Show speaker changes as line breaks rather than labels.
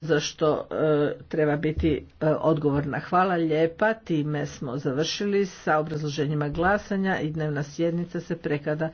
za što e, treba biti e, odgovorna. Hvala lijepa, time smo završili sa obrazloženjima glasanja i dnevna sjednica se prekada